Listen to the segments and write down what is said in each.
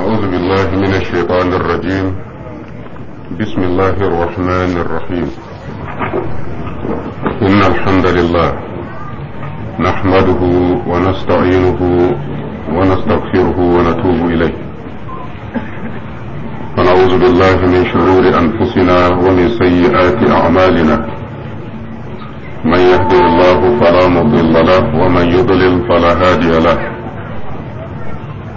أعوذ بالله من الشيطان الرجيم بسم الله الرحمن الرحيم إن الحمد لله نحمده ونستعينه ونستغفره ونتوب إليه ونعوذ بالله من شرور أنفسنا ومن سيئات أعمالنا من يهدي الله فلا مضل له ومن يضلل فلا هادي له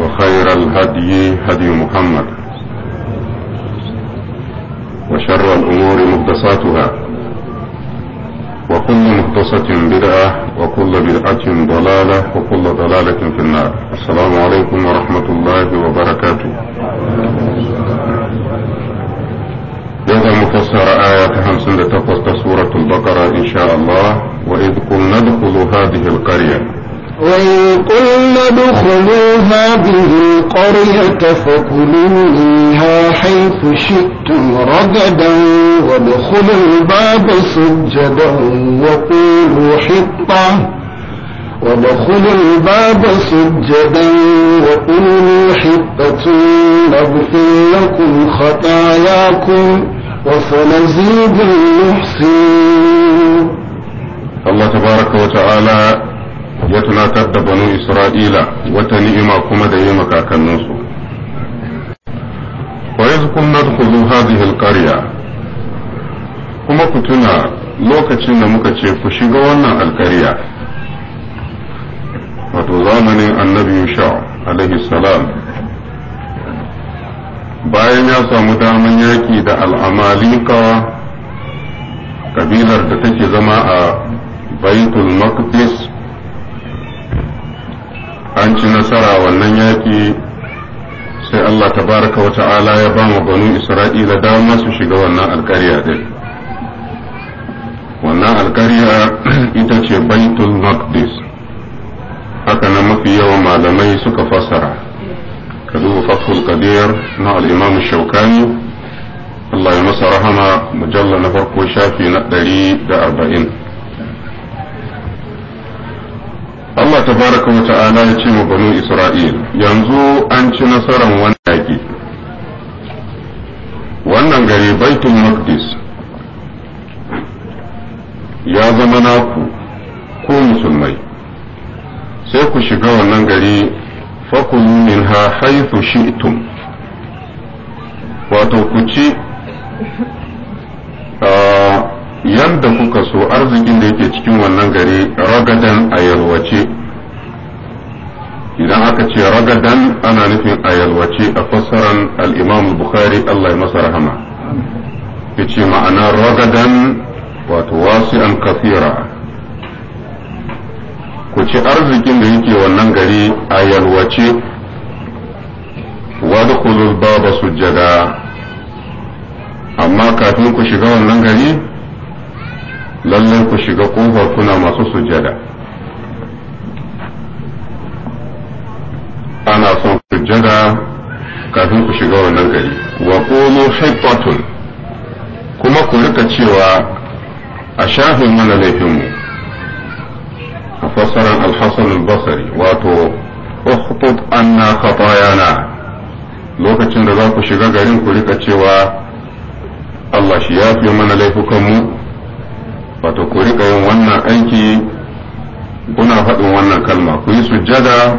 وخير الهدي هدي محمد وشر الأمور مهدساتها وكل مهدسة بدعة وكل بدعة ضلالة وكل ضلالة في النار السلام عليكم ورحمة الله وبركاته هذا مفسر آية 58 سورة البقرة إن شاء الله وإذ قلنا ندخل هذه القرية وإن قلنا ادخلوا هذه القرية فكلوا منها حيث شئتم رددا وادخلوا الباب سجدا وقولوا حطة وادخلوا الباب سجدا وقولوا حطة نغفر لكم خطاياكم وسنزيد المحسنين الله تبارك وتعالى ya tunatar da banu isra'ila wata ni'ima kuma da yi makakanninsu wa kun nadkhulu hadhihi alqarya kuma ku tuna lokacin da muka ce ku shiga wannan alkarya wato zamanin annabi yusha alaihi salam bayan ya samu daman yaki da al'amalika kabilar da take zama a baitul maqdis an ci nasara wannan yaƙi sai Allah baraka wa ta'ala ya ba banu Isra'ila dama su shiga wannan alƙarya din wannan alƙarya ita ce baitul maqdis haka na mafi yawan malamai suka fassara ka duba fathul qadir na al shaukani Allah ya masa rahama mujalla na farko shafi na arba'in. Allah ta baraka wa ta'ala ya ce wa banu Isra'il yanzu an ci nasarar wannan yaƙi wannan gari baitul maqdis ya zama naku ko musulmai sai ku shiga wannan gari min minha haithu shi'tum wato ku ci ah, yadda kuka so arzikin da yake cikin wannan gari ragadan a yalwace idan aka ce ragadan ana nufin a yalwace a fassaran al'imam bukhari Allah ya masa rahama ya ce ma'ana ragadan wato an kafira ku ci arzikin da yake wannan gari a yalwace wadda su jada amma kafin ku shiga wannan gari lallai ku shiga ƙofar kuna masu sujada ana son sujada kafin ku shiga wannan gari wa qulu hitatun kuma ku rika cewa a shafin mana laifinmu a fassarar alhassan basari wato ukhtud anna khatayana lokacin da za ku shiga garin ku rika cewa Allah shi ya fi mana laifukanmu wato ku rika yin wannan aiki kuna faɗin wannan kalma ku yi sujjada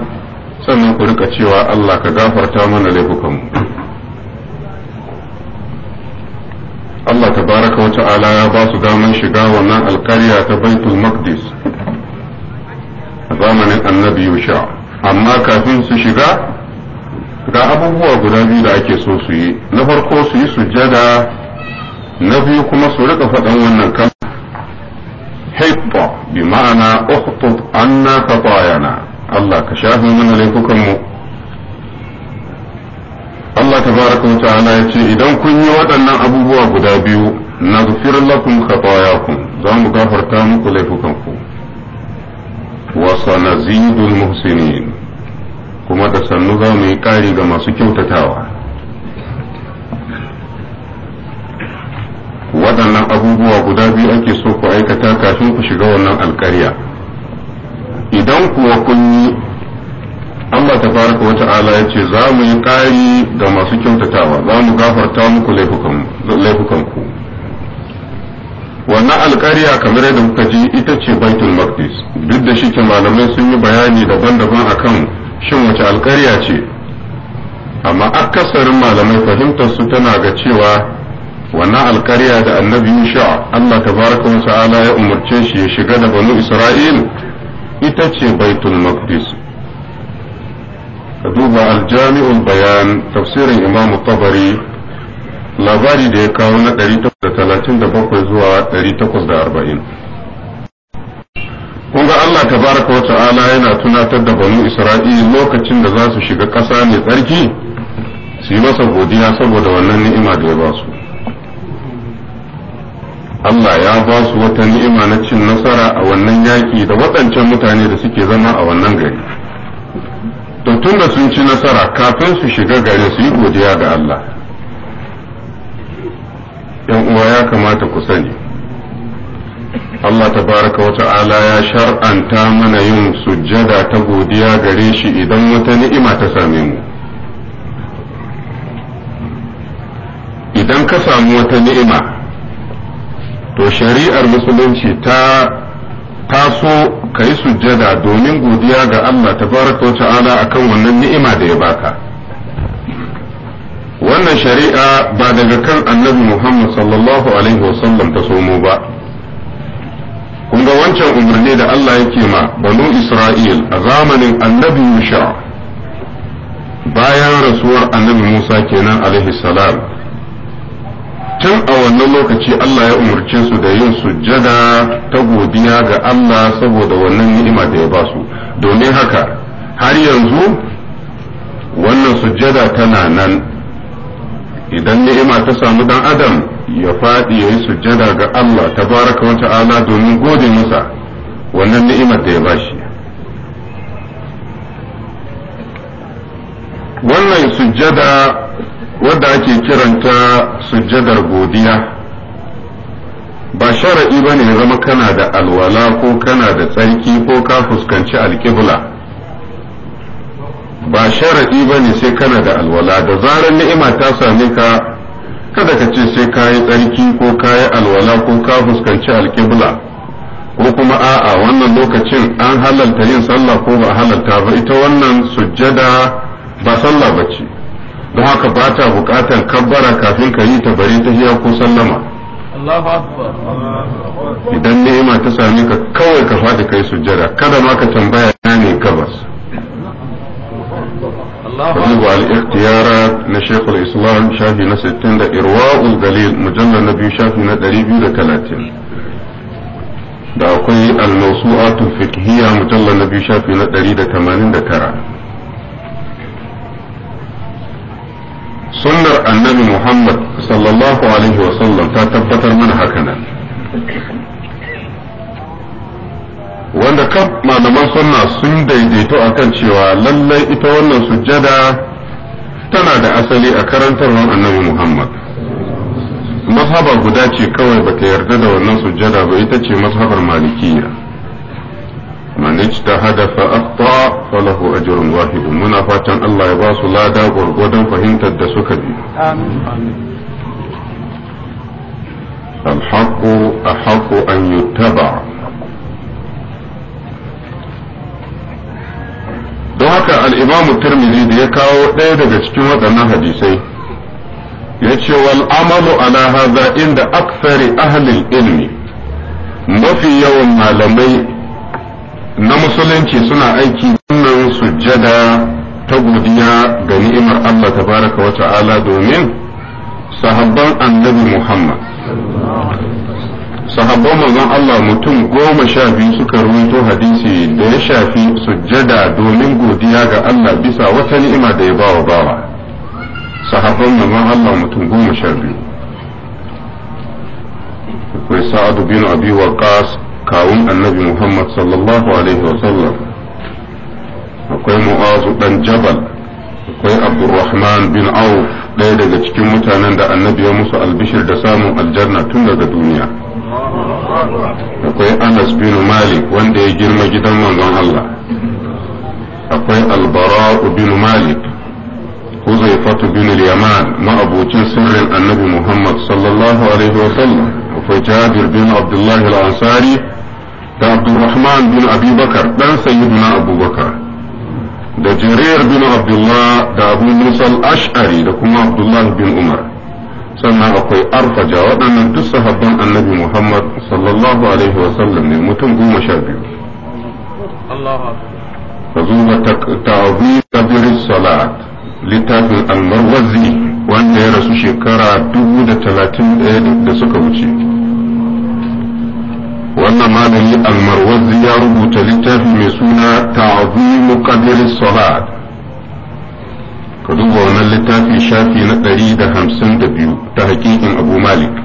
sannan ku rika cewa Allah ka gafarta mana laifukanmu Allah tabaraka wa ta'ala ya ba su daman shiga wannan alkarya ta baitul maqdis a zamanin annabi yusha amma kafin su shiga ga abubuwa guda biyu da ake so su yi na farko su yi sujjada na biyu kuma su rika faɗan wannan kalma حط bima'ana اخطب عنا خطايانا na كشاف من ليفكم Allah tabaraka wa ta'ala ya ce idan kun yi waɗannan abubuwa guda biyu na gafir lakum khatayakum za mu gafarta muku laifukanku wa sanazidul muhsinin kuma da sannu za mu yi ƙari ga masu kyautatawa abubuwa guda biyu ake so ku aikata kafin ku shiga wannan alkarya idan kuwa kun yi Allah ta baraka wata ala ya ce za mu yi ƙari ga masu kyautatawa za mu gafarta muku laifukanku wannan alƙarya kamar yadda kuka ji ita ce baitul maqdis duk da shi ke malamai sun yi bayani daban-daban akan shin wace alƙarya ce amma akasarin malamai fahimtar su tana ga cewa wannan alkarya da annabi Yusha Allah tabaraka wa ta'ala ya umarce shi ya shiga da banu Isra'il ita ce baitul maqdis ka duba aljami'ul bayan tafsirin imam tabari labari da ya kawo na 837 zuwa 840 kun ga Allah tabaraka wa ta'ala yana tunatar da banu Isra'il lokacin da za su shiga ƙasa mai tsarki su yi masa godiya saboda wannan ni'ima da ya ba su Allah ya ba su wata ni'ima na cin nasara a wannan yaƙi da waɗancan mutane da suke zama a wannan gari to tun da sun ci nasara kafin su shiga gare su yi godiya ga Allah yan uwa ya kamata ku sani Allah ta baraka wata ala ya shar'anta mana yin sujjada ta godiya gare shi idan wata ni'ima ta same mu idan ka samu wata ni'ima to shari'ar musulunci ta taso ka yi sujjada domin godiya ga Allah tabaraka ala ta'ala akan wannan ni'ima da ya baka wannan shari'a ba daga kan annabi Muhammad sallallahu alaihi wasallam ta somo ba kunga wancan umarni da Allah yake ma banu Isra'il a zamanin annabi Musa bayan rasuwar annabi Musa kenan alaihi salam tun a wannan lokaci Allah ya umarce su da yin sujjada ta godiya ga Allah saboda wannan ni'ima da ya ba su domin haka har yanzu wannan sujjada tana nan idan ni'ima ta samu dan adam ya faɗi ya yi sujjada ga Allah ta baraka wata ala domin gode masa wannan ni'imar da ya ba shi wannan sujjada wadda ake kiranta sujjadar godiya ba shara'i ba ne zama kana da alwala ko kana da tsarki ko ka fuskanci alƙibla ba shara'i ba ne sai kana da alwala da zarar ni'ima ta same ka kada ka ce sai ka yi tsarki ko ka yi alwala ko ka fuskanci alƙibla ko kuma a'a wannan lokacin an halalta yin sallah ko ba halalta ba ita wannan sujjada ba sallah ba ce don haka ba ta buƙatar kabbara kafin ka yi ta bari ta hiya ko sallama idan ni'ima ta sami ka kawai ka faɗi kai sujjada kada ma ka tambaya na ne gabas وجب على الاختيارات لشيخ الإسلام شافي نستين إرواء الدليل مجلد نبي شافي ندري بيو da akwai al-mawsu'atul fiqhiyya na biyu shafi na 189 sunnar annabi Muhammad sallallahu alaihi wa sallam ta tabbatar mana haka nan wanda kaf malaman sunna sun daidaito akan cewa lallai ita wannan sujjada tana da asali a karantarwar annabi Muhammad mazhaba guda ce kawai bata yarda da wannan sujjada ba ita ce mazhabar malikiya man ijtahada fa afta falahu ajrun wahid muna fatan Allah ya ba su lada gwargwadon fahimtar da suka bi amin الحق أحق أن يتبع don haka al'imamu turmizi da ya kawo ɗaya daga cikin waɗannan hadisai ya ce wal amalu ala haza inda aksari ahlil ilmi mafi yawan malamai na musulunci suna aiki wannan sujjada ta godiya ga ni'imar Allah tabaraka wa ta'ala domin sahabban annabi Muhammad sahabban manzon Allah mutum goma sha biyu suka ruwaito hadisi da ya shafi sujjada domin godiya ga Allah bisa wata ni'ima da ya bawa bawa sahabban manzon Allah mutum goma sha biyu akwai sa'adu bin abi waqas kawun annabi Muhammad sallallahu alaihi wasallam akwai mu'azu dan jabal akwai abdurrahman bin auf ɗaya daga cikin mutanen da annabi ya musu albishir da samun aljanna tun daga duniya akwai anas bin malik wanda ya girma gidan manzon Allah akwai albara'u bin malik حذيفة بن اليمان ما أبو سر النبي محمد صلى الله عليه وسلم وفجابر بن عبد الله الأنصاري عبد الرحمن بن أبي بكر دا سيدنا أبو بكر دا جرير بن عبد الله دا أبو موسى الأشعري دا كما عبد الله بن عمر سنة أقوي arfaja waɗannan duk تسهب annabi Muhammad sallallahu alaihi wa sallam ne mutum goma sha biyu. Allahu Akbar. Ka zuba ta'azim salat littafin almarwazi wanda ya rasu shekara dubu da talatin ɗaya da suka wuce wannan malami almarwazi ya rubuta littafi mai suna ta'zimu qadri salat ka duba wannan littafi shafi na ɗari da hamsin da biyu ta hakikin abu malik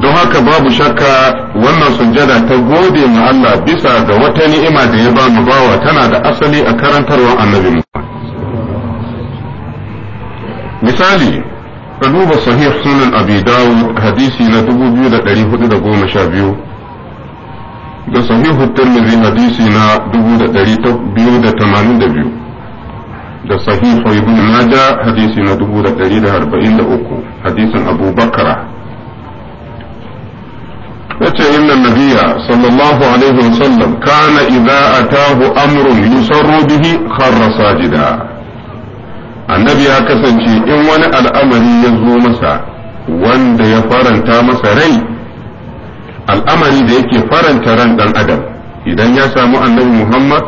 don haka babu shakka wannan sujjada ta gode ma Allah bisa ga wata ni'ima da ya ba mu bawa tana da asali a karantarwar annabi misali ka duba sahih sunan abi dawud hadisi na 2412 da sahihu tirmidhi hadisi na 2282 da sahihu ibn majah hadisi na 1143 hadisin abu bakara yace inna nabiyya sallallahu alaihi wasallam kana idza atahu amrun yusarru bihi kharra sajida annabi ya kasance in wani al'amari ya zo masa wanda ya faranta masa rai al'amari da yake faranta ran dan adam idan ya samu annabi muhammad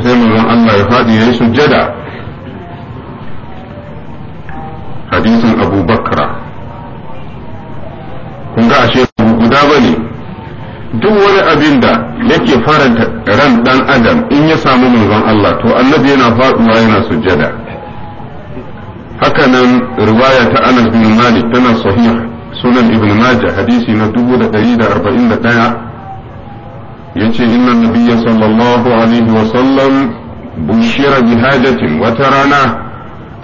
sai manzon Allah ya faɗi ya yi sujjada hadisin abu bakra kun ga ashe guda ba ne duk wani abin da yake faranta ran dan adam in ya samu manzon Allah to annabi yana faɗuwa yana sujjada haka nan riwaya ta Anas bin Malik tana sahih sunan Ibn Majah hadisi na 1141 yace inna nabiyya sallallahu alaihi wa sallam bushira bi hajatin wata rana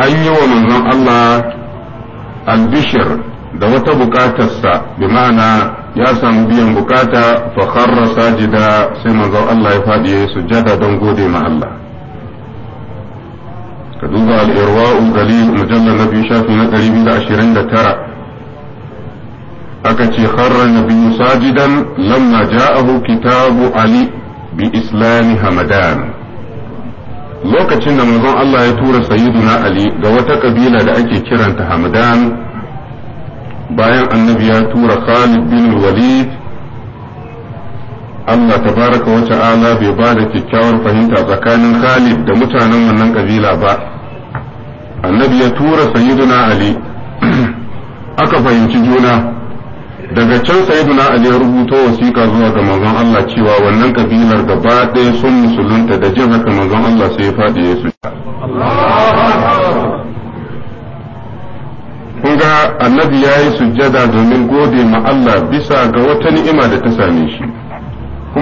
an yi wa manzon Allah albishir da wata bukatarsa bi ma'ana ya samu biyan bukata fa kharra sajida sai manzon Allah ya fadi sujjada don gode ma Allah ka duba al'irwa'ul galil mujallar na biyu shafi na ɗari biyu da ashirin da tara aka ce kharra biyu sajidan lamma ja'ahu kitabu ali bi islami hamadan lokacin da manzon Allah ya tura sayyiduna ali ga wata kabila da ake kiranta hamadan bayan annabi ya tura khalid bin walid Allah ta baraka wa ta'ala bai ba da kyakkyawar fahimta tsakanin Khalid da mutanen wannan kabila ba annabi ya tura sayyiduna Ali aka fahimci juna daga can sayyiduna Ali ya rubuta wasiƙa zuwa ga manzon Allah cewa wannan kabilar gaba ɗaya sun musulunta da jin haka manzon Allah sai ya faɗi ya suya kun ga annabi ya yi sujjada domin gode ma Allah bisa ga wata ni'ima da ta same shi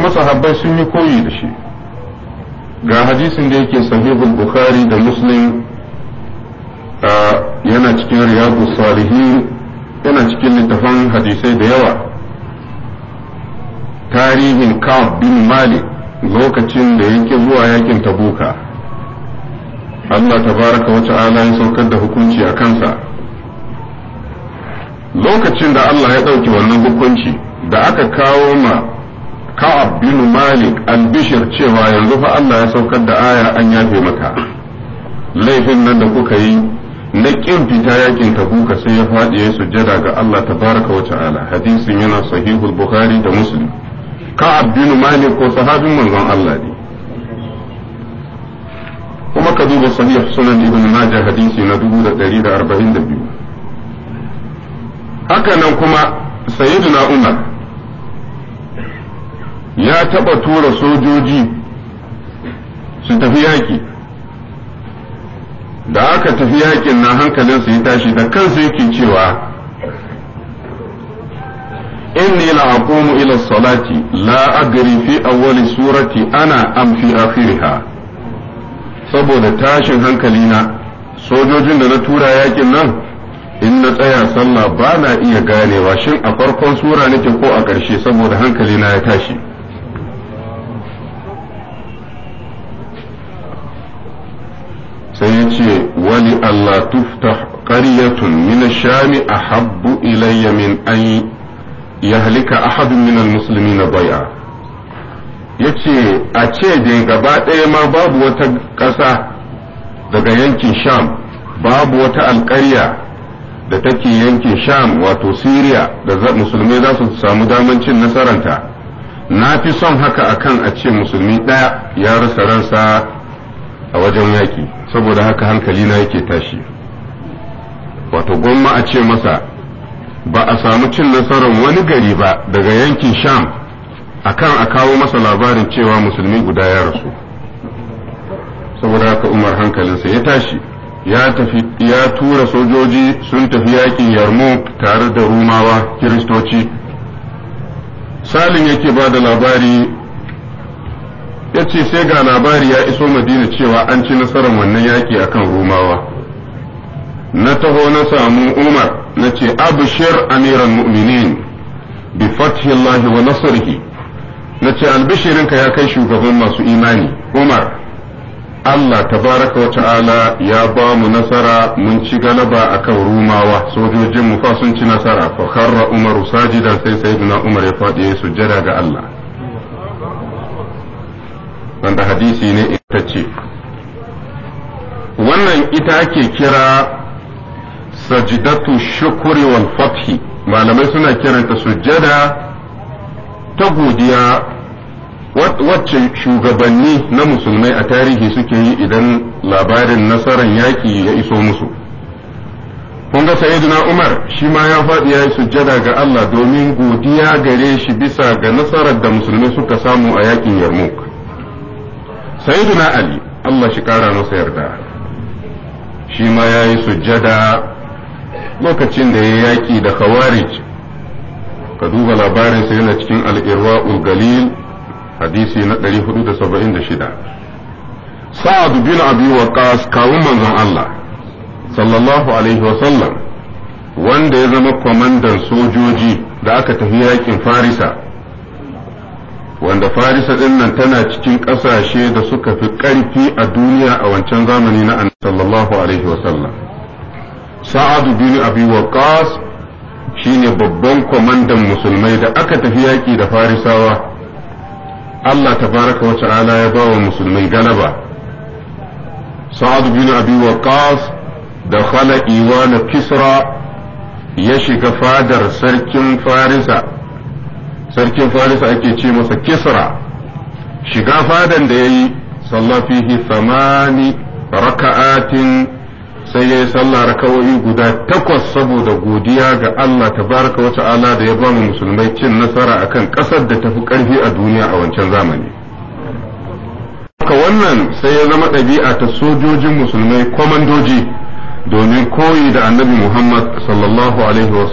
kuma sahabbai sun yi koyi da shi ga hadisin da yake sahihul bukhari da muslim yana cikin riyadu salihin yana cikin littafan hadisai da yawa tarihin ka'ab bin malik lokacin da yake zuwa yakin tabuka Allah tabaraka wa ta'ala ya saukar da hukunci a kansa lokacin da Allah ya ɗauki wannan hukunci da aka kawo ma ka'ab bin malik albishir cewa yanzu fa Allah ya saukar da aya an yafe maka laifin nan da kuka yi na kin fita yakin kuka sai ya faɗi ya sujjada ga Allah tabaraka wa ta'ala hadisin yana sahihu bukhari da muslim ka'ab bin malik ko sahabin manzon Allah ne kuma ka duba sahih sunan ibn majah hadisi na 1142 haka nan kuma sayyidina umar ya taɓa tura sojoji su tafi yaƙi da aka tafi yaƙin na hankalin su yi tashi da kansu yake cewa inni la aqumu ila salati la agri fi awwali surati ana am fi akhiriha saboda tashin hankali na sojojin da na tura yakin nan in na tsaya sallah ba na iya ganewa shin a farkon sura nake ko a ƙarshe saboda hankali na ya tashi ولا تفتح قرية من الشام أحب إلي من أن يهلك أحد من المسلمين ضيعا yace a ce dai gaba ɗaya ma babu wata ƙasa daga yankin sham babu wata alƙarya da take yankin sham wato siriya da musulmai za su samu damancin nasaranta na fi son haka akan a ce musulmi ɗaya ya rasa ransa a wajen yaƙi saboda haka hankali na yake tashi wato gwamma a ce masa ba a samu cin nasarar wani gari ba daga yankin sham a kan a kawo masa labarin cewa musulmi guda ya rasu saboda haka umar hankalinsa ya tashi ya tura sojoji sun tafi yakin yarmouk tare da rumawa kiristoci salim yake ba da labari ya ce sai ga labari ya iso madina cewa an ci nasarar wannan yaƙi akan rumawa na taho na samu umar na ce abishir amiran mu'minin bi fathillahi wa nasrihi na ce albishirinka ya kai shugaban masu imani umar Allah tabaraka wa ta'ala ya ba mu nasara mun ci galaba kan rumawa sojojin mu fa sun ci nasara fa karra umaru sajidan sai sayyidina umar ya faɗi ya sujjada ga Allah wanda hadisi ne ita ce wannan ita ake kira sajidatu shukuri wal fathi malamai suna kiranta sujjada ta godiya wacce shugabanni na musulmai a tarihi suke yi idan labarin nasarar yaƙi ya iso musu kun ga sayyidina umar shi ma ya faɗi ya yi sujjada ga allah domin godiya gare shi bisa ga nasarar da musulmai suka samu a yaƙin yarmouk sayyiduna ali Allah shi kara masa yarda shi ma ya yi sujjada lokacin da ya yaƙi da khawarij ka duba labarinsa yana cikin al'irwa galil hadisi na 476 sa'ad bin abi waqas kawun manzon Allah sallallahu alaihi wasallam wanda ya zama kwamandan sojoji da aka tafi yaƙin farisa wanda farisa ɗinnan nan tana cikin ƙasashe da suka fi ƙarfi a duniya a wancan zamani na annabi sallallahu alaihi wasallam sa'adu bin abi waqas shine babban kwamandan musulmai da aka tafi yaƙi da farisawa Allah tabaraka wa ta'ala ya ba wa musulmai galaba sa'ad bin abi waqas da khala Iwana kisra ya shiga fadar sarkin farisa sarkin farisa ake ce masa kisra shiga fadan da ya yi sallafihi samani raka'atin sai ya yi sallah raka'o'i guda takwas saboda godiya ga Allah ta tabaraka wa ta'ala da ya ba mu musulmai cin nasara akan kasar da tafi karfi a duniya a wancan zamani haka wannan sai ya zama ɗabi'a ta sojojin musulmai kwamandoji domin koyi da annabi Muhammad sallallahu alaihi wa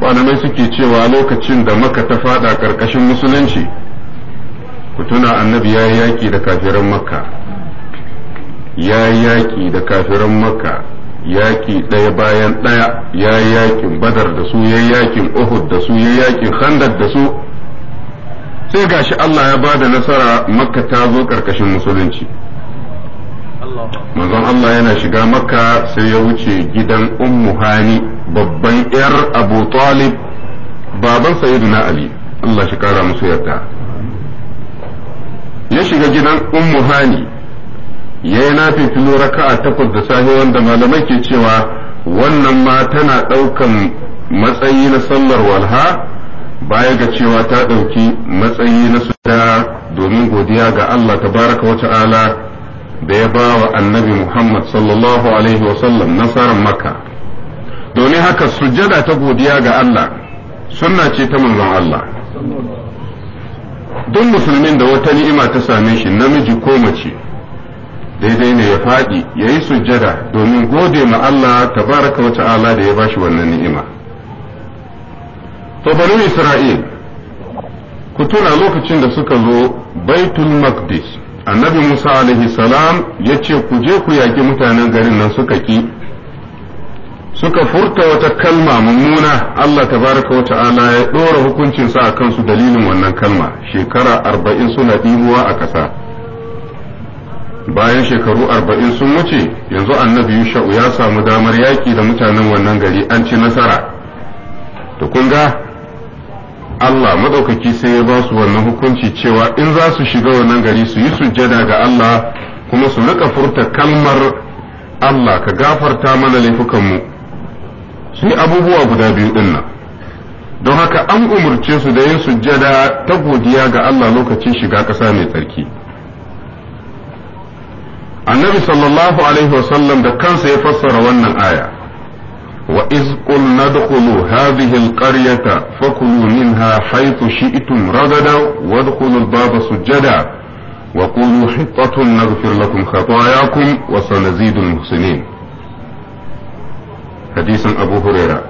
malamai suke cewa lokacin da maka ta fada karkashin musulunci ku tuna annabi ya yaƙi da kafiran makka ya yaƙi da kafiran makka yaƙi ɗaya bayan ɗaya ya yaƙin badar da su ya yaƙin uhud da su ya yaƙin khandaq da su sai gashi Allah ya ba da nasara makka ta zo ƙarƙashin musulunci manzon Allah yana shiga makka sai ya wuce gidan ummu hani babban yar abu talib baban sayyidina ali Allah shi kara musu yarda ya shiga gidan ummu hani ya yi nafi raka'a takwas da safe wanda malamai ke cewa wannan ma tana ɗaukan matsayi na sallar walha baya ga cewa ta ɗauki matsayi na suna domin godiya ga Allah tabaraka wa ta'ala da ya ba wa annabi Muhammad sallallahu alaihi wasallam nasarar maka. domin haka sujjada ta godiya ga Allah sunna ce ta manzon Allah duk musulmin da wata ni'ima ta same shi namiji ko mace daidai ne ya faɗi ya yi sujjada domin gode ma Allah ta baraka wata ta'ala da ya bashi wannan ni'ima to banu Isra'il ku tuna lokacin da suka zo baitul maqdis annabi Musa alaihi salam ya ce ku je ku yaƙi mutanen garin nan suka ki suka furta wata kalma mummuna Allah ta baraka wa ta'ala ya ɗora hukuncinsa a kansu dalilin wannan kalma shekara arba'in suna ɗimuwa a ƙasa bayan shekaru arba'in sun wuce yanzu annabi yusha'u ya samu damar yaƙi da mutanen wannan gari an ci nasara to kun ga Allah maɗaukaki sai ya ba su wannan hukunci cewa in za su shiga wannan gari su yi sujjada ga Allah kuma su riƙa furta kalmar Allah ka gafarta mana laifukanmu shi abubuwa guda biyu din nan don haka an umarce su da yin sujjada ta godiya ga Allah lokacin shiga ƙasa mai tsarki annabi sallallahu alaihi wasallam da kansa ya fassara wannan aya wa iz na dkhulu hadhihi alqaryata fakulu minha haythu shi'tum ragada wadkhulu albaba sujjada wa qulu hittatun naghfir lakum khatayakum wa sanazidul muhsinin حديث أبو هريرة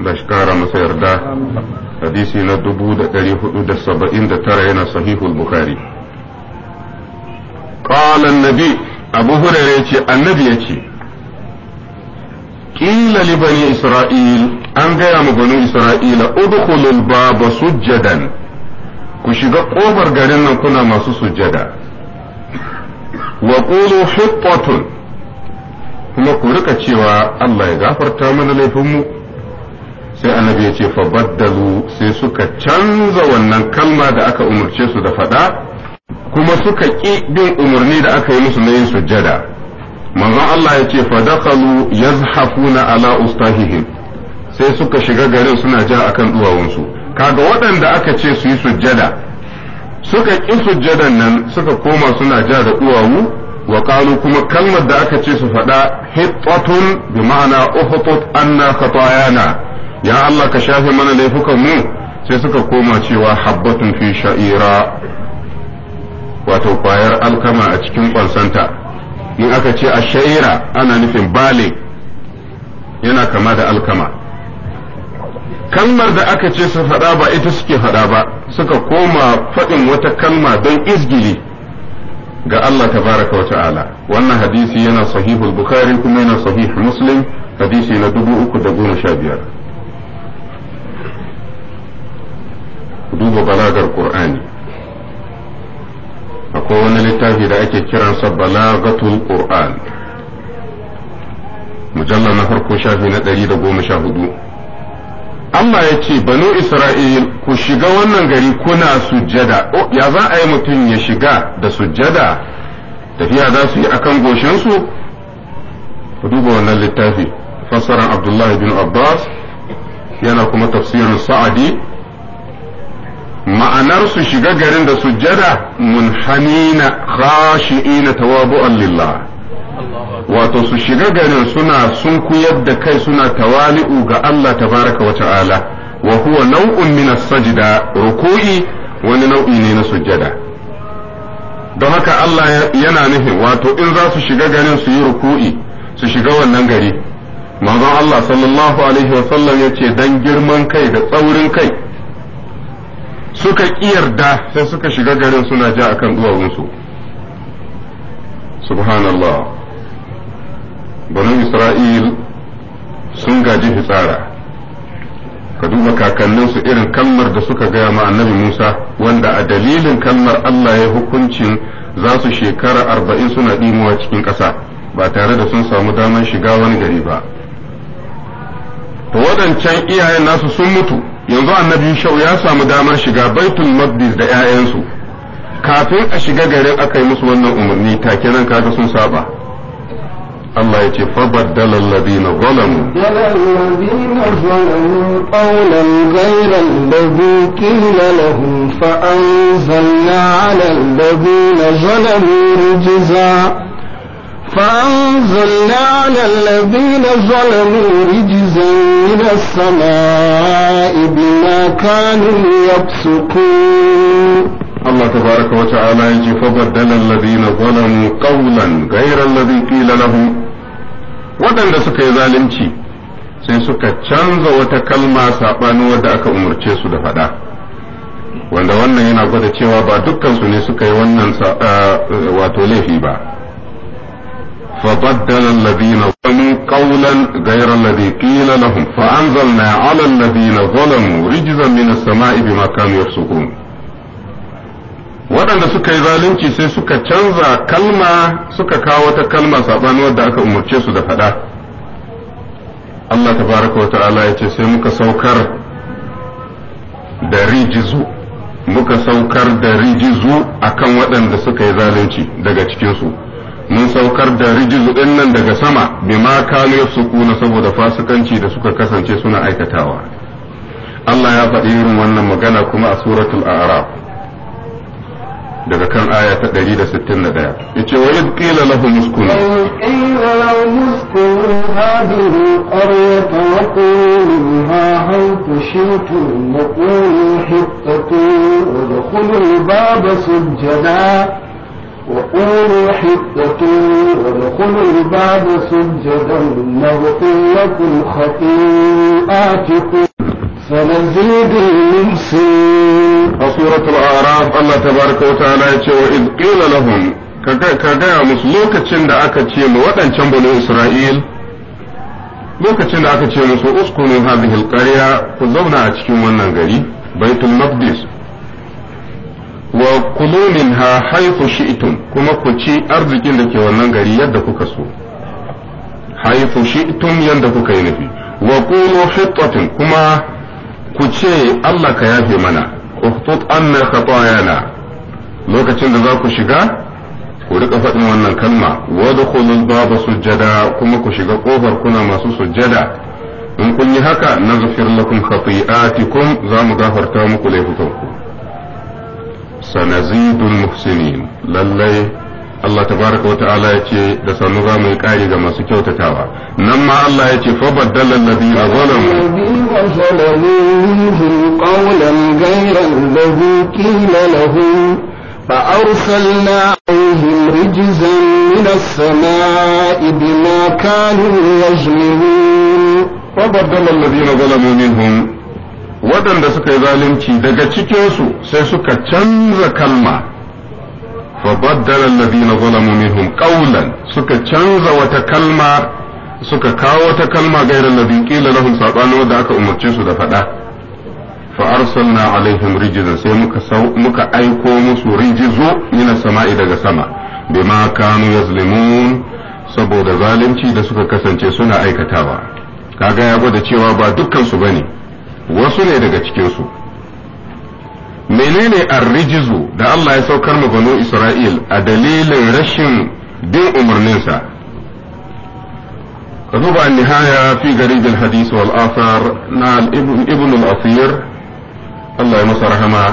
بشكارة مصير دا حديث ندبو دا داري حدود السبعين دا ترين صحيح البخاري قال النبي أبو هريرة النبي يتي قيل لبني إسرائيل أن قيام بنو إسرائيل أدخل الباب سجدا كشيغا أوبر غرينا كنا ما سجدا وقولوا حطة kuma ku rika cewa Allah ya gafarta mana laifinmu sai annabi ya ce fa baddalu sai suka canza wannan kalma da aka umarce su da faɗa kuma suka ƙi bin umarni da aka yi musu na yin sujjada manzon Allah ya ce fa dakhalu yazhafuna ala ustahihim sai suka shiga garin suna ja akan duwawunsu kaga waɗanda aka ce su yi sujjada suka ƙi sujjadan nan suka koma suna ja da duwawu wa kuma kalmar da aka ce su faɗa hittatun bi ma'ana anna khatayana ya Allah ka shafe mana laifukan mu sai suka koma cewa habbatun fi kwayar alkama a cikin kwansanta in aka ce a sha'ira ana nufin bale yana kama da alkama kalmar da aka ce su faɗa ba ita suke faɗa ba suka koma faɗin wata kalma don izgili ga Allah tabaraka wa ta'ala wannan hadisi yana sahihul bukhari kuma yana sahih muslim hadisi na dubu uku da goma sha biyar duba balagar qur'ani akwai wani littafi da ake kiransa balagatul qur'an mujallar na farko shafi na ɗari da goma sha hudu Allah ya ce banu Isra'il ku shiga wannan gari kuna sujjada ya za a yi mutum ya shiga da sujjada tafiya za su yi a kan goshinsu ku duba wannan littafi fassaran Abdullahi bin Abbas yana kuma tafsirin sa'adi ma'anar su shiga garin da sujjada munhanina khashi'ina tawabu'an lillah wato su shiga garin suna sunkuyar da kai suna tawali'u ga Allah tabaraka wa ta'ala wa huwa nau'un min as-sajda ruku'i wani nau'i ne na sujjada don haka Allah yana nufin wato in za su shiga garin su yi ruku'i su shiga wannan gari manzon Allah sallallahu alaihi wa sallam yace dan girman kai da tsaurin kai suka da sai suka shiga garin suna ja akan su. subhanallah banu isra'il sun gaji fitsara ka duba kakanninsu irin kalmar da suka gaya ma annabi musa wanda a dalilin kalmar allah ya hukuncin za su shekara arba'in suna ɗimowa cikin ƙasa ba tare da sun samu damar shiga wani gari ba to waɗancan iyayen nasu sun mutu yanzu annabi shau ya samu damar shiga baitul maqdis da 'ya'yansu kafin a shiga garin aka yi musu wannan umarni take nan kaga sun saba Allah ya ce fabaddala alladhina zalamu alladhina zalamu qawlan ghayra alladhi qila lahum fa anzalna 'ala alladhina فأنزلنا على الذين ظلموا رجزا من السماء بما كانوا يفسقون الله تبارك وتعالى يجي فبدل الذين ظلموا قولا غير الذي قيل لهم waɗanda suka yi zalunci sai suka canza wata kalma saɓanin da aka umarce su da faɗa wanda wannan yana gwada cewa ba dukkansu ne suka yi wannan wato laifi ba فبدل الذين ظلموا قولا غير الذي قيل لهم فأنزلنا على الذين ظلموا رجزا من السماء بما كانوا يفسقون waɗanda suka yi zalunci sai suka canza kalma suka kawo wata kalma saɓani wadda aka umarce su da faɗa Allah tabaraka wa ta'ala ya ce sai muka saukar da rijizu muka saukar da rijizu akan waɗanda suka yi zalunci daga cikinsu mun saukar da rijizu ɗin nan daga sama ma bima su kuna saboda fasikanci da suka kasance suna aikatawa Allah ya faɗi irin wannan magana kuma a suratul a'raf daga kan aya ta 161 yace wa id qila lahum uskunu qila lahum uskunu hadhihi qaryata wa quluha shi'tum wa qulu hittatun wa dkhulul baba sujada وقولوا حدة وادخلوا الباب سجدا نغفر لكم خطيئاتكم سنزيد المحسنين a suratul araf Allah tabaraka wa ta'ala ya ce wa id qila lahum ka gaya musu lokacin da aka ce mu waɗancan bani isra'il lokacin da aka ce musu uskunu hadhihi alqarya ku zauna a cikin wannan gari baitul maqdis wa kulu minha haythu shi'tum kuma ku ci arzikin da ke wannan gari yadda kuka so haythu shi'tum yadda kuka yi nufi wa qulu hittatin kuma ku ce Allah ka yafe mana اخطط أن خطايانا lokacin da za ku shiga ku riƙa faɗin wannan kalma wadkhulul baba sujjada kuma ku shiga kofar kuna masu sujjada in kun yi haka naghfir lakum khati'atikum za mu gafarta muku laifukanku sanazidul muhsinin lallai Allah tabaraka wa ta'ala ya ce da sannu za mu yi ƙari ga masu kyautatawa nan ma Allah ya ce fa fabaddala alladhina zalamu qawlan ghayra alladhi qila lahum فأرسلنا عليهم رجزا من السماء بما كانوا يجمعون فبدل الذين ظلموا منهم waɗanda suka yi zalunci daga cikinsu sai suka canza kalma فبدل الذين ظلموا منهم قولا suka canza wata kalma suka kawo wata kalma gairar alladhi qila lahum sabana wanda aka umarci su da faɗa fa arsalna alaihim rijzan sai muka aiko musu rijizo min sama'i daga sama bima kanu yazlimun saboda zalunci da suka kasance suna aikatawa kaga ya gwada cewa ba dukkan su bane wasu ne daga cikin su menene arrijizu da Allah ya saukar ma banu Isra'il a dalilin rashin bin umarninsa ka duba nihaya fi garib al-hadith wal na ibn al-asir Allah ya masa rahama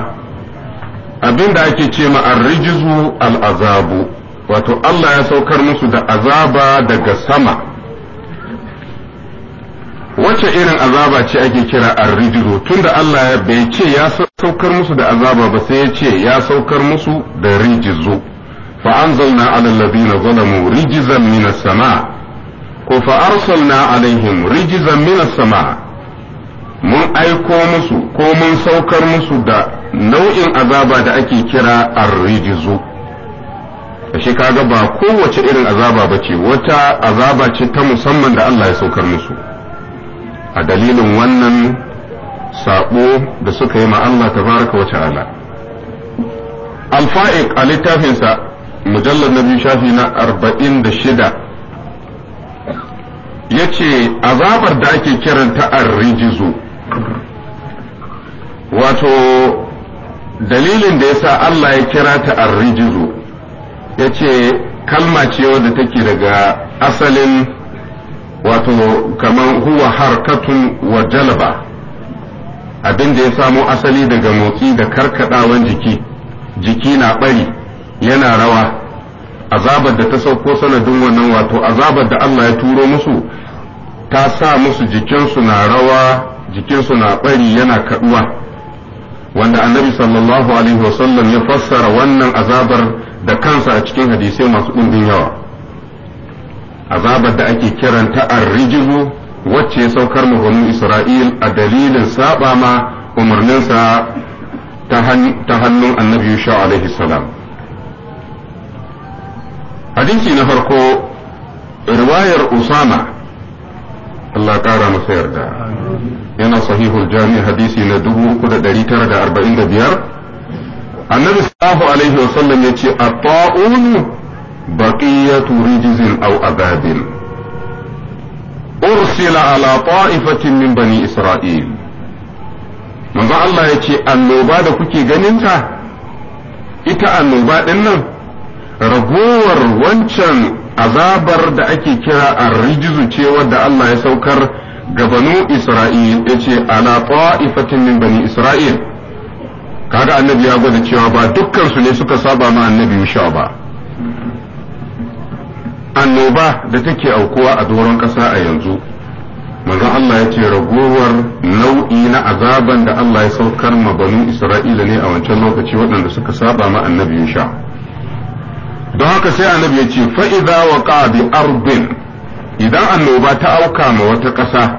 abinda ake ce ma arrijizu al'azabu wato Allah ya saukar musu da azaba daga sama Wace irin azaba ce ake kira arrijiru tunda Allah ya bai ce ya saukar musu da azaba ba sai ya ce ya saukar musu da rijizo. fa anzalna ala alladhina zalamu rijzan minas sama ko fa arsalna alaihim rijzan minas sama mun aiko musu ko mun saukar musu da nau'in azaba da ake kira a shi kaga ba kowace irin azaba ba ce wata azaba ce ta musamman da Allah ya saukar musu a dalilin wannan saɓo da suka yi ma Allah baraka wa ta'ala alfa'iq a littafinsa mujallar na biyu shafi na arba'in da shida ya ce azabar da ake kiran kiranta rijizo, wato dalilin da ya sa Allah ya kira ta rijizo, ya ce kalma ce wadda take daga asalin wato kamar huwa harkatun wa jalba abin da ya samo asali daga motsi da karkadawan jiki jiki na bari yana rawa azabar da ta sauko sanadin wannan wato azabar da Allah ya turo musu ta sa musu jikinsu na rawa jikinsu na bari yana kaduwa wanda annabi sallallahu alaihi wasallam ya fassara wannan azabar da kansa a cikin hadisai masu ɗumbin yawa azabar da ake kiranta arrijizu wacce ya saukar mu Isra'il a dalilin saba ma umarninsa ta hannun annabi Yusha alaihi salam. Hadisi na farko riwayar Usama Allah ƙara masa yarda yana sahihul jami hadisi na dubu da da da tara arba'in biyar. annabi sallallahu alaihi wasallam ya ce a ta'unu بقية رجز أو أبابل أرسل على طائفة من بني إسرائيل manzo Allah ya ce annoba da kuke ganinta ita annoba ɗin nan ragowar wancan azabar da ake kira a rijizu ce wadda Allah ya saukar ga banu Isra'il ya ce ala ta'ifatin min bani Isra'il kaga annabi ya gwada cewa ba dukkan su ne suka saba ma annabi Yusha ba annoba da take aukuwa a doron ƙasa a yanzu manzon Allah ya ce ragowar nau'i na azaban da Allah ya saukar ma banu Isra'ila ne a wancan lokaci waɗanda suka saba ma annabi Yusha don haka sai annabi ya ce fa'iza wa bi ardin idan annoba ta auka ma wata ƙasa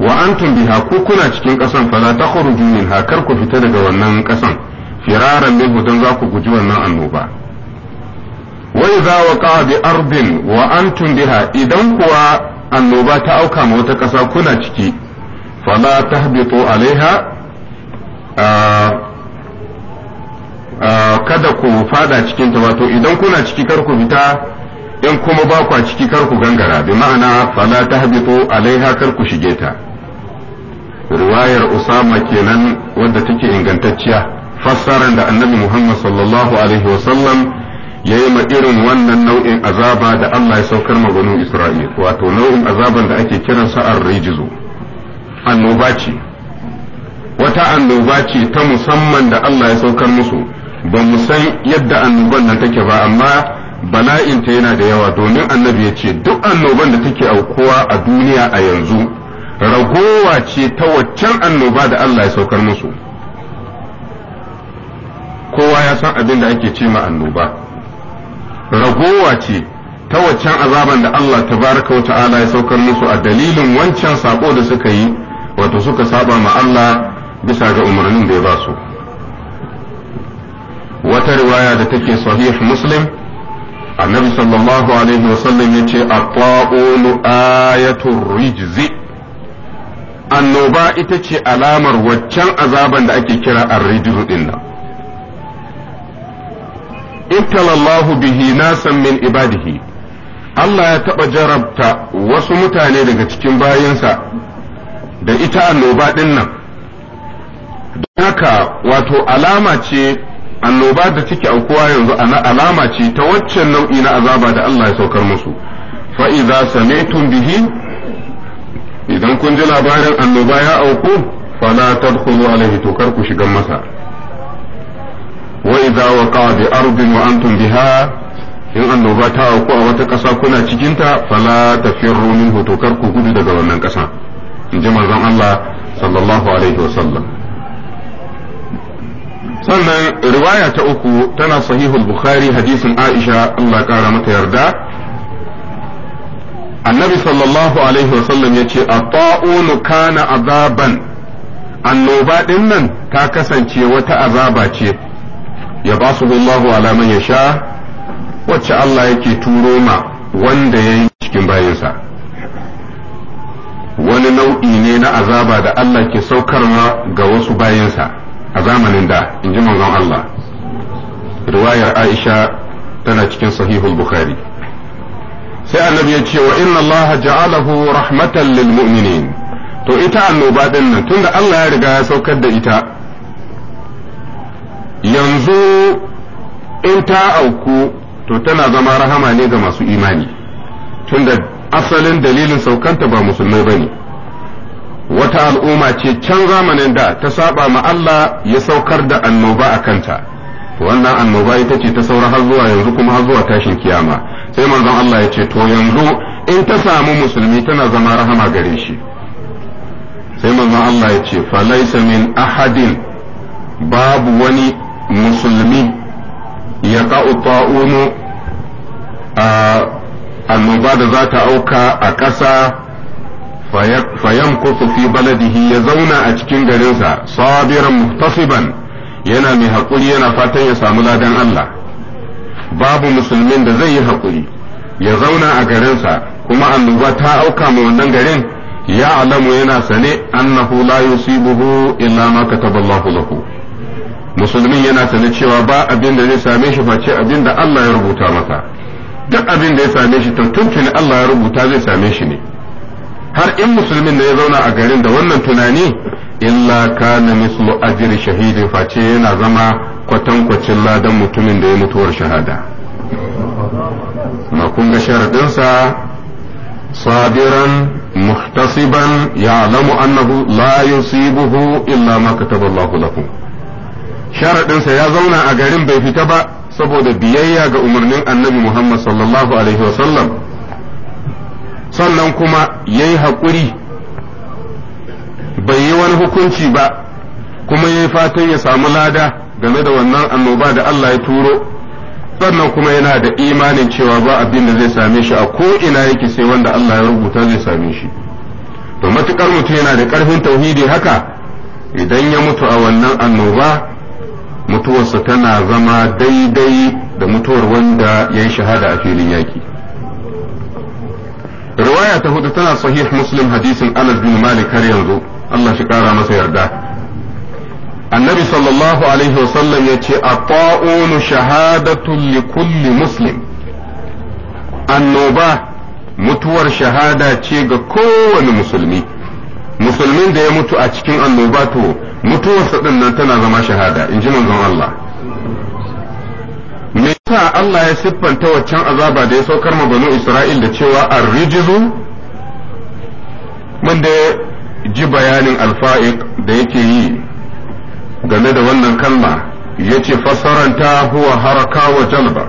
wa antum biha ku kuna cikin ƙasan fa la ta minha kar ku fita daga wannan ƙasan firaran min don za ku guji wannan annoba wai za wa ƙawa bi ardin wa antum idan kuwa annoba ta auka ma wata ƙasa kuna ciki fala kada ku fada cikin ta wato idan kuna ciki kar ku fita in kuma ba kwa ciki kar ku gangara bi ma'ana fala tahbitu alaiha kar ku shige ta riwayar usama kenan wadda take ingantacciya fassarar da annabi muhammad sallallahu alaihi wasallam yayi ma irin wannan nau'in azaba da Allah ya saukar ma Isra'il wato nau'in azaban da ake kiran ar-rijzu annoba ce wata annoba ce ta musamman da Allah ya saukar musu ba mu san yadda annoban nan take ba amma bala'inta yana da yawa domin annabi ya ce duk annoban da take aukuwa a duniya a yanzu ragowa ce ta waccan annoba da Allah ya saukar musu kowa ya san abin da ake ce ma annoba ragowa ce ta waccan azaban da Allah baraka wa ta'ala ya saukar musu a dalilin wancan sako da suka yi wato suka saba ma Allah bisa ga umarnin da ya ba su wata riwaya da take sahih muslim annabi sallallahu alaihi wasallam ya ce a ta'unu ayatul rijzi annoba ita ce alamar waccan azaban da ake kira ar-rijzu dinnan ibtala Allah bihi nasan min ibadihi Allah ya taɓa jarabta wasu mutane daga cikin bayansa da ita annoba ɗin nan haka wato alama ce annoba da take aukuwa yanzu ana alama ce ta waccan nau'i na azaba da Allah ya saukar musu fa idza bihi idan kun ji labarin annoba ya auku fala tadkhulu alaihi to kar ku shiga masa wa idza waqa bi ardin wa antum biha in annoba ta auku a wata ƙasa kuna cikinta fala tafirru minhu to kar ku gudu daga wannan ƙasa in ji manzon Allah sallallahu alaihi wa sallam sannan riwaya ta uku tana sahihul bukhari hadisin aisha Allah kara mata yarda annabi sallallahu alaihi wasallam ya ce a ta'unu kana azaban annoba ɗin nan ta kasance wata azaba ce ya ba su Allahu ala man ya sha wacce Allah yake turo ma wanda ya yi cikin bayansa wani nau'i ne na azaba da Allah ke saukarwa ga wasu bayansa a zamanin da in ji manzon Allah riwayar Aisha tana cikin sahihul Bukhari sai annabi ya ce wa inna Allah ja'alahu rahmatan lil mu'minin to ita annoba din nan tunda Allah ya riga ya saukar da ita yanzu in ta auku to tana zama rahama ne ga masu imani tunda asalin dalilin saukanta ba musulmai ba ne wata al'umma ce can zamanin da ta saba ma Allah ya saukar da annoba a kanta to wannan annoba ita ce ta saura har zuwa yanzu kuma har zuwa tashin kiyama sai manzon Allah ya ce to yanzu in ta samu musulmi tana zama rahama gare shi sai manzon Allah ya ce falaisa min ahadin babu wani musulmi ya ka'u ta'unu a annoba da za ta auka a ƙasa fayan kusu fi baladihi ya zauna a cikin garinsa sabiran muhtasiban yana mai haƙuri yana fatan ya samu ladan Allah babu musulmin da zai yi haƙuri ya zauna a garinsa kuma annoba ta auka ma wannan garin ya alamu yana sane annahu la yusibuhu illa ma kataballahu lahu musulmin yana sanin cewa ba abin da zai same shi face abin da Allah ya rubuta masa duk abin da ya same shi tuntuni Allah ya rubuta zai same shi ne har in musulmin da ya zauna a garin da wannan tunani illa kana mislu ajri shahidin face yana zama kwatankwacin ladan mutumin da ya mutuwar shahada ma kun ga muhtasiban صابرا محتصبا يعلم أنه لا يصيبه إلا ما كتب الله له sharaɗinsa ya zauna a garin bai fita ba saboda biyayya ga umarnin annabi Muhammad sallallahu alaihi wasallam sannan kuma ya yi haƙuri bai yi wani hukunci ba kuma ya yi fatan ya samu lada game da wannan annoba da Allah ya turo sannan kuma yana da imanin cewa ba abin da zai same shi a ko ina yake sai wanda Allah ya rubuta zai same shi to matukar mutum yana da ƙarfin tauhidi haka idan ya mutu a wannan annoba mutuwarsa tana zama daidai da mutuwar wanda ya yi shahada a filin yaki riwaya ta hudu tana sahih muslim hadisin anas bin malik har yanzu Allah shi kara masa yarda annabi sallallahu alaihi wasallam ya ce a ta'unu shahadatun li kulli muslim annoba mutuwar shahada ce ga kowane musulmi musulmin da ya mutu a cikin annoba to mutuwarsa ɗinnan nan tana zama shahada in ji manzon Allah me yasa Allah ya siffanta waccan azaba da ya saukar ma banu Isra'il da cewa ar-rijzu mun da ji bayanin alfa'iq da yake yi game da wannan kalma yace fassaranta huwa haraka wa jalba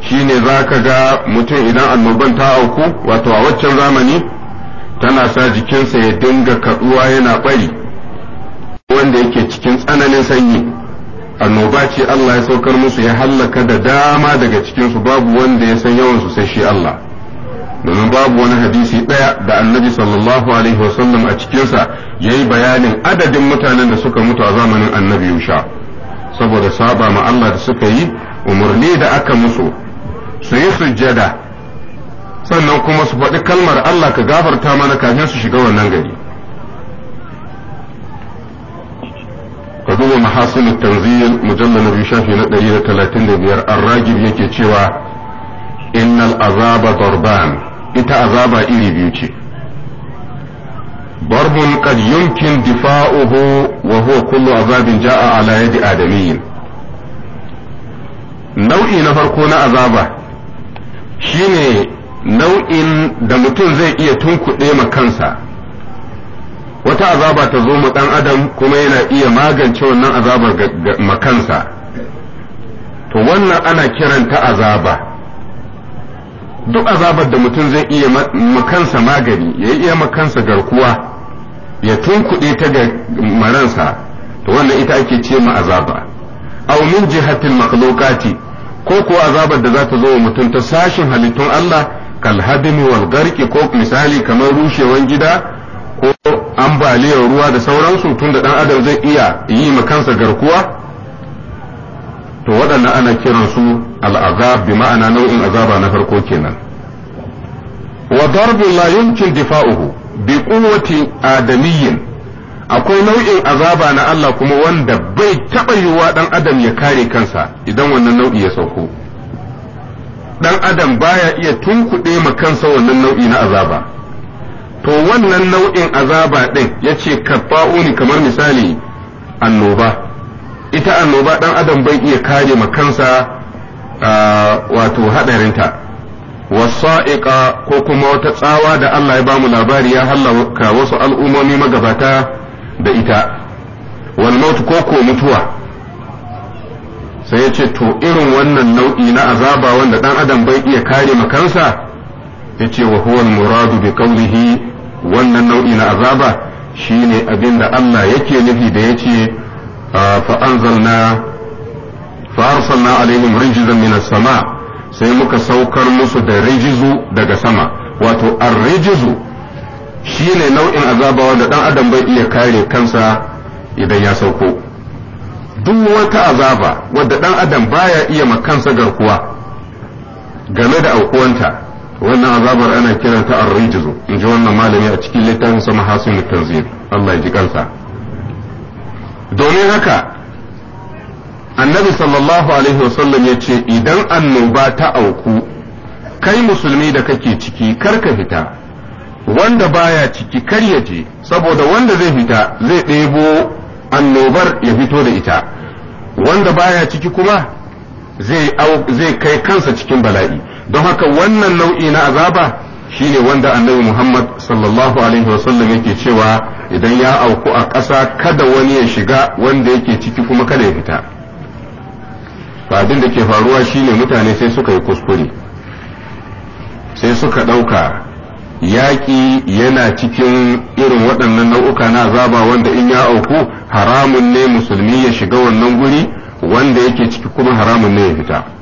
shine zaka ga mutum idan annoban ta auku wato a waccan zamani tana sa jikinsa ya dinga kaduwa yana bari wanda yake cikin tsananin sanyi annoba ce Allah ya saukar musu ya hallaka da dama daga cikinsu babu wanda ya san yawan sai shi Allah domin babu wani hadisi ɗaya da annabi sallallahu alaihi wasallam a cikinsa ya yi bayanin adadin mutanen da suka mutu a zamanin annabi Yusha saboda saba ma Allah da suka yi umarni da aka musu su yi sujjada sannan kuma su faɗi kalmar Allah ka gafarta mana kafin su shiga wannan gari ka duba mahasin tanzil mujallal na shafi na 135 ar-ragib yake cewa innal azaba darban ita azaba iri biyu ce ضرب قد يمكن دفاعه وهو كل عذاب جاء على يد آدمي nau'i na farko na azaba shine nau'in da mutum zai iya tunkuɗe ma kansa wata azaba ta zo mu dan adam kuma yana iya magance wannan azabar makansa to wannan ana kiranta azaba duk azabar da mutum zai iya makansa magani ya iya makansa garkuwa ya tunkuɗe ta ga maransa to wannan ita ake ce ma azaba aw min jihatil makhluqati ko ko azabar da za ta zo wa mutum ta sashin halittun Allah kal hadmi wal ko misali kamar rushewan gida ko ambaliyar ruwa da sauransu da ɗan adam zai iya yi ma kansa garkuwa to waɗannan ana kiransu al'azab bi ma'ana nau'in azaba na farko kenan wa darbin la yumkin difa'uhu bi quwwati adamiyyin akwai nau'in azaba na Allah kuma wanda bai taɓa yiwuwa ɗan adam ya kare kansa idan wannan nau'i ya sauko ɗan adam baya iya tunkuɗe ma kansa wannan nau'i na azaba to wannan nau'in azaba ɗin ya ce ni kamar misali annoba ita annoba ɗan adam bai iya kare makansa wato haɗarinta wasa'iƙa ko kuma wata tsawa da Allah ya ba mu labari ya hallaka wasu al'ummomi magabata da ita wal mautu ko ko mutuwa sai ya ce to irin wannan nau'i na azaba wanda ɗan adam bai iya kare makansa yace wa huwa muradu bi qawlihi wannan nau'i na azaba shine abinda Allah yake nufi da yace ah, fa anzalna fa arsalna alaihim rijzan min as-sama sai muka saukar musu da rijizu daga sama wato ar-rijzu shine nau'in azaba wanda dan adam bai iya kare kansa idan ya sauko duk wata azaba wadda dan adam baya iya makansa garkuwa game da aukuwanta wannan azabar ana kiranta ta arrijizu in ji wannan malami a cikin littafin sa mahasin tanzim Allah ya ji kansa domin haka annabi sallallahu alaihi wasallam ya ce idan annoba ta auku kai musulmi da kake ciki kar ka fita wanda baya ciki kar ya je saboda wanda zai fita zai ɗebo annobar ya fito da ita wanda baya ciki kuma zai kai kansa cikin bala'i don haka wannan nau'i na azaba shine wanda annabi Muhammad sallallahu alaihi wasallam yake cewa idan ya auku a ƙasa kada wani ya shiga wanda yake ciki kuma kada ya fita abin da ke faruwa shine mutane sai suka yi kuskure sai suka ɗauka yaƙi yana cikin irin waɗannan nau'uka na azaba wanda in ya auku haramun ne musulmi ya shiga wannan guri wanda yake ciki kuma haramun ne ya fita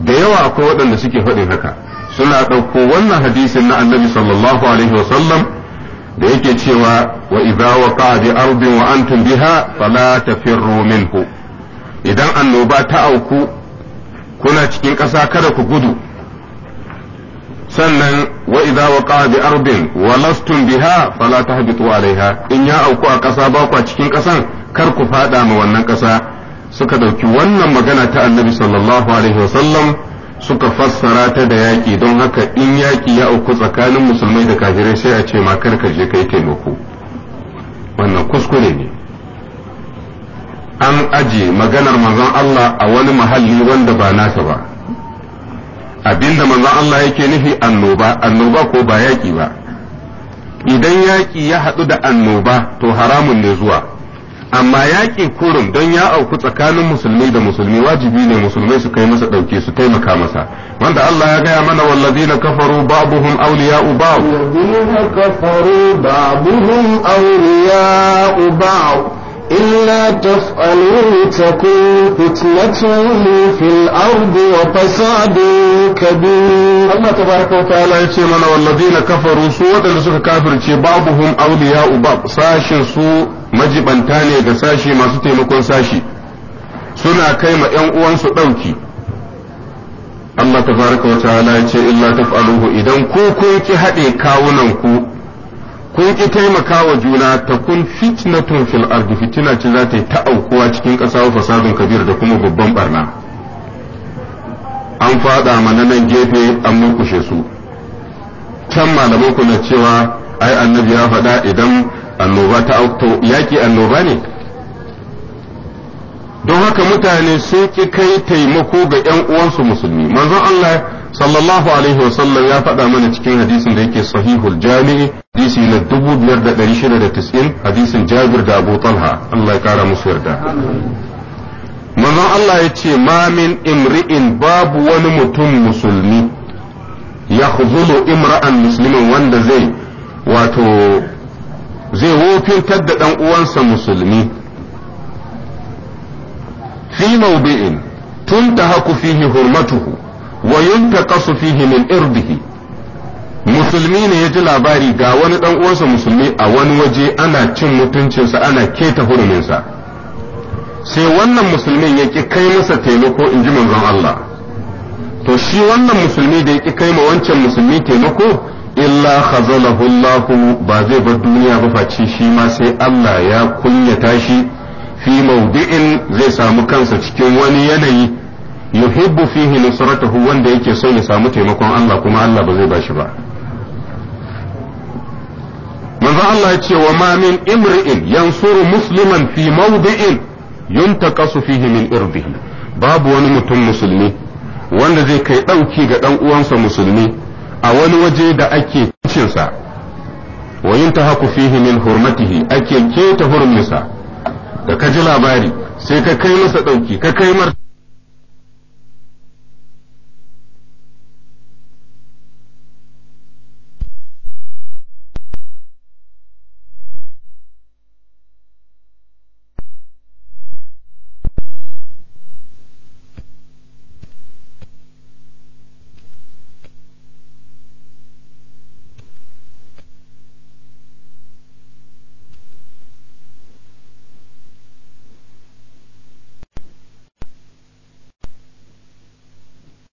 da yawa akwai waɗanda suke faɗin haka suna ɗauko wannan hadisin na annabi sallallahu alaihi wasallam da yake cewa wa idza waqa bi ardin wa antum biha fala tafirru minhu idan annoba ta auku kuna cikin ƙasa kada ku gudu sannan wa idza waqa bi ardin wa lastum biha fala tahbitu alaiha in ya auku a ƙasa ba ku cikin ƙasan kar ku faɗa ma wannan ƙasa suka ɗauki wannan magana ta annabi sallallahu alaihi wasallam suka fassara ta da yaƙi don haka in yaƙi ya uku tsakanin musulmai da kafirai sai a ce ma kar ka je kai taimako wannan kuskure ne an aje maganar manzon Allah a wani mahalli wanda ba nasa ba abinda manzon Allah yake nufi annoba annoba ko ba yaƙi ba idan yaƙi ya haɗu da annoba to haramun ne zuwa amma yaƙi kurum don ya auku tsakanin musulmi da musulmi wajibi ne musulmai su kai masa ɗauke su taimaka masa wanda Allah ya gaya mana wallazi na kafaru babuhun auliya uba illa taf'aluhu takun fitnatun fil ardi wa fasadun kabir Allah tabaraka wa ta'ala yace mana wallazina kafaru su wadanda suka kafirce babuhum awliya'u ba sashin su majibanta ne ga sashi masu taimakon sashi suna kai ma ‘yan uwansu ɗauki Allah ta baraka wata ala ce illa ta idan ku kun ki haɗe kawunan ku kun ki taimaka wa juna ta kun fitnatun fil ardi fitina ce za ta yi ta aukuwa cikin ƙasa wa fasadun kabir da kuma babban barna an faɗa mana nan gefe an murkushe su can malaman ku cewa ai annabi ya faɗa idan annoba ta auto yaki annoba ne don haka mutane sun ki kai taimako ga ‘yan uwansu musulmi manzon Allah sallallahu alaihi wasallam ya faɗa mana cikin hadisin da yake sahihul jami'i hadisi na 5690 hadisin jabir da abu talha Allah ya kara musu yarda manzon Allah ya ce mamin imri'in babu wani mutum musulmi ya imra'an muslimin wanda zai wato zai wofintar da ɗan uwansa musulmi fi maubi'in tun ta haku fihi hurmatuhu wa yuntaqasu fihi min irdihi musulmi ne ya ji labari ga wani ɗan'uwansa uwansa musulmi a wani waje ana cin mutuncinsa ana keta huruminsa sai wannan musulmin ya ƙi kai masa taimako in ji manzon Allah to shi wannan musulmi da ya ƙi kai ma wancan musulmi taimako illa khazalahu Allah ba zai bar duniya ba face shi ma sai Allah ya kunyata shi fi zai samu kansa cikin wani yanayi yuhibbu fihi nusratahu wanda yake so ya samu taimakon Allah kuma Allah ba zai bashi ba manzo Allah ya ce wa ma min imri'in yansuru musliman fi maudi'in yuntaqasu fihi min irdihi babu wani mutum musulmi wanda zai kai dauki ga dan uwansa musulmi a wani waje da ake cinsa wa yin ta haku fihi min hurmatihi ake keta hurminsa da ka ji labari sai ka kai masa ɗauki ka kai martani